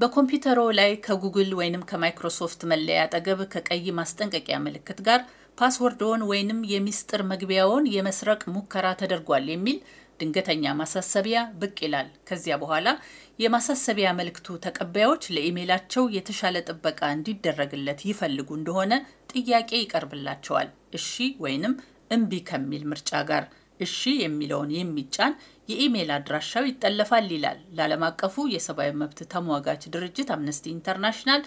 በኮምፒውተሮ ላይ ከጉግል ወይንም ከማይክሮሶፍት መለያ አጠገብ ከቀይ ማስጠንቀቂያ ምልክት ጋር ፓስወርድዎን ወይንም የሚስጥር መግቢያውን የመስረቅ ሙከራ ተደርጓል የሚል ድንገተኛ ማሳሰቢያ ብቅ ይላል። ከዚያ በኋላ የማሳሰቢያ መልእክቱ ተቀባዮች ለኢሜይላቸው የተሻለ ጥበቃ እንዲደረግለት ይፈልጉ እንደሆነ ጥያቄ ይቀርብላቸዋል። እሺ ወይንም እምቢ ከሚል ምርጫ ጋር እሺ የሚለውን የሚጫን የኢሜይል አድራሻው ይጠለፋል ይላል። ለዓለም አቀፉ የሰብአዊ መብት ተሟጋች ድርጅት አምነስቲ ኢንተርናሽናል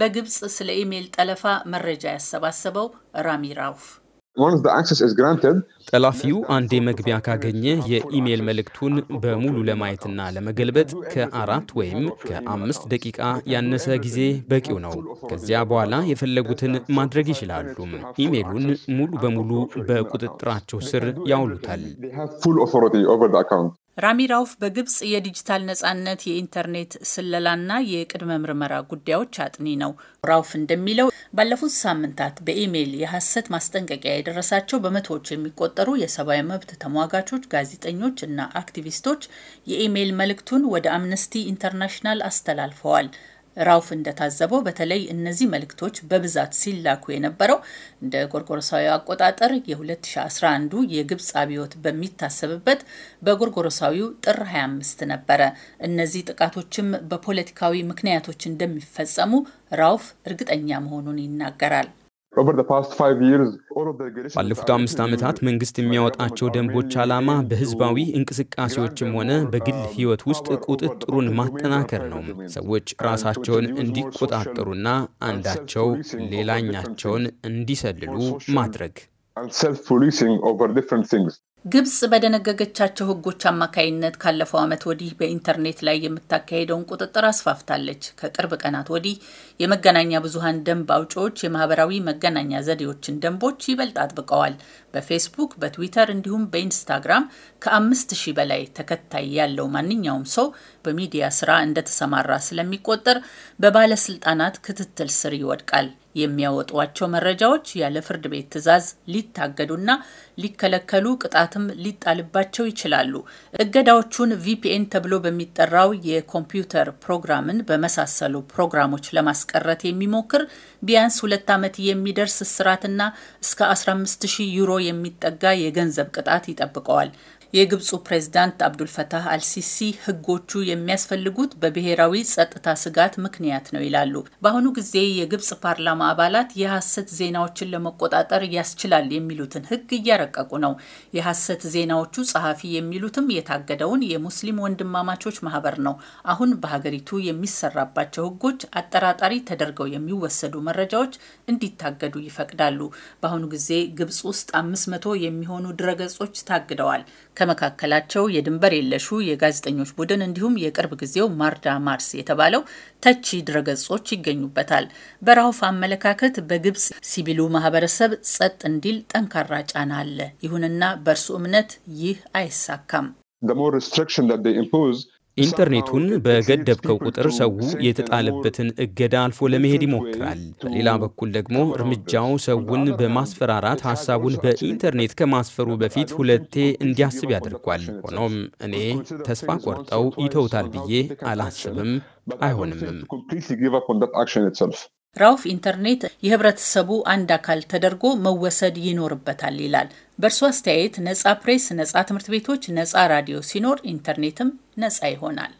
በግብጽ ስለ ኢሜይል ጠለፋ መረጃ ያሰባሰበው ራሚ ራውፍ ጠላፊው አንዴ መግቢያ ካገኘ የኢሜል መልእክቱን በሙሉ ለማየትና ለመገልበጥ ከአራት ወይም ከአምስት ደቂቃ ያነሰ ጊዜ በቂው ነው። ከዚያ በኋላ የፈለጉትን ማድረግ ይችላሉ። ኢሜሉን ሙሉ በሙሉ በቁጥጥራቸው ስር ያውሉታል። ራሚ ራውፍ በግብጽ የዲጂታል ነጻነት የኢንተርኔት ስለላና የቅድመ ምርመራ ጉዳዮች አጥኒ ነው። ራውፍ እንደሚለው ባለፉት ሳምንታት በኢሜይል የሐሰት ማስጠንቀቂያ የደረሳቸው በመቶዎች የሚቆጠሩ የሰብአዊ መብት ተሟጋቾች፣ ጋዜጠኞች እና አክቲቪስቶች የኢሜይል መልእክቱን ወደ አምነስቲ ኢንተርናሽናል አስተላልፈዋል። ራውፍ እንደታዘበው በተለይ እነዚህ መልእክቶች በብዛት ሲላኩ የነበረው እንደ ጎርጎሮሳዊ አቆጣጠር የ2011 የግብፅ አብዮት በሚታሰብበት በጎርጎሮሳዊው ጥር 25 ነበረ። እነዚህ ጥቃቶችም በፖለቲካዊ ምክንያቶች እንደሚፈጸሙ ራውፍ እርግጠኛ መሆኑን ይናገራል። ባለፉት አምስት ዓመታት መንግስት የሚያወጣቸው ደንቦች ዓላማ በህዝባዊ እንቅስቃሴዎችም ሆነ በግል ህይወት ውስጥ ቁጥጥሩን ማጠናከር ነው። ሰዎች ራሳቸውን እንዲቆጣጠሩና አንዳቸው ሌላኛቸውን እንዲሰልሉ ማድረግ ግብጽ በደነገገቻቸው ህጎች አማካይነት ካለፈው ዓመት ወዲህ በኢንተርኔት ላይ የምታካሄደውን ቁጥጥር አስፋፍታለች። ከቅርብ ቀናት ወዲህ የመገናኛ ብዙሀን ደንብ አውጪዎች የማህበራዊ መገናኛ ዘዴዎችን ደንቦች ይበልጥ አጥብቀዋል። በፌስቡክ፣ በትዊተር እንዲሁም በኢንስታግራም ከአምስት ሺህ በላይ ተከታይ ያለው ማንኛውም ሰው በሚዲያ ስራ እንደተሰማራ ስለሚቆጠር በባለስልጣናት ክትትል ስር ይወድቃል። የሚያወጧቸው መረጃዎች ያለ ፍርድ ቤት ትዕዛዝ ሊታገዱና ሊከለከሉ ቅጣትም ሊጣልባቸው ይችላሉ። እገዳዎቹን ቪፒኤን ተብሎ በሚጠራው የኮምፒውተር ፕሮግራምን በመሳሰሉ ፕሮግራሞች ለማስቀረት የሚሞክር ቢያንስ ሁለት ዓመት የሚደርስ እስራትና እስከ 15 ሺህ ዩሮ የሚጠጋ የገንዘብ ቅጣት ይጠብቀዋል። የግብፁ ፕሬዝዳንት አብዱልፈታህ አልሲሲ ህጎቹ የሚያስፈልጉት በብሔራዊ ጸጥታ ስጋት ምክንያት ነው ይላሉ። በአሁኑ ጊዜ የግብፅ ፓርላማ አባላት የሐሰት ዜናዎችን ለመቆጣጠር ያስችላል የሚሉትን ህግ እያረቀቁ ነው። የሐሰት ዜናዎቹ ጸሐፊ የሚሉትም የታገደውን የሙስሊም ወንድማማቾች ማህበር ነው። አሁን በሀገሪቱ የሚሰራባቸው ህጎች አጠራጣሪ ተደርገው የሚወሰዱ መረጃዎች እንዲታገዱ ይፈቅዳሉ። በአሁኑ ጊዜ ግብፅ ውስጥ አምስት መቶ የሚሆኑ ድረገጾች ታግደዋል። ከመካከላቸው የድንበር የለሹ የጋዜጠኞች ቡድን እንዲሁም የቅርብ ጊዜው ማርዳ ማርስ የተባለው ተቺ ድረገጾች ይገኙበታል። በራውፍ አመለካከት በግብጽ ሲቪሉ ማህበረሰብ ጸጥ እንዲል ጠንካራ ጫና አለ። ይሁንና በእርሱ እምነት ይህ አይሳካም። ኢንተርኔቱን በገደብከው ቁጥር ሰው የተጣለበትን እገዳ አልፎ ለመሄድ ይሞክራል። በሌላ በኩል ደግሞ እርምጃው ሰውን በማስፈራራት ሀሳቡን በኢንተርኔት ከማስፈሩ በፊት ሁለቴ እንዲያስብ ያደርጓል። ሆኖም እኔ ተስፋ ቆርጠው ይተውታል ብዬ አላስብም፣ አይሆንምም። ራውፍ ኢንተርኔት የህብረተሰቡ አንድ አካል ተደርጎ መወሰድ ይኖርበታል ይላል። በእርሱ አስተያየት ነጻ ፕሬስ፣ ነጻ ትምህርት ቤቶች፣ ነጻ ራዲዮ ሲኖር ኢንተርኔትም ነጻ ይሆናል።